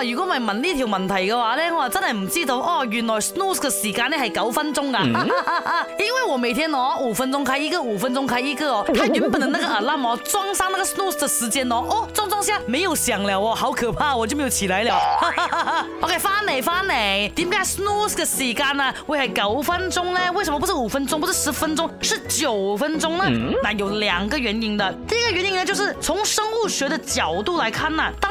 哦、如果唔係問呢條問題嘅話呢，我真係唔知道哦。原來 snooze 嘅時間呢係九分鐘啊，因為我每天哦五分鐘開一個，五分鐘開一個哦。佢原本的那個 alarm 哦裝上那個 snooze 的時間哦裝裝、哦、下沒有響了哦，哦好可怕，我就沒有起來了。哈哈哈哈 OK 翻嚟翻嚟。點解 snooze 嘅時間啊會係九分鐘呢？為什麼不是五分鐘，不是十分鐘，是九分鐘呢？嗯，那有兩個原因的。第一個原因呢，就是從生物學的角度來看呢，當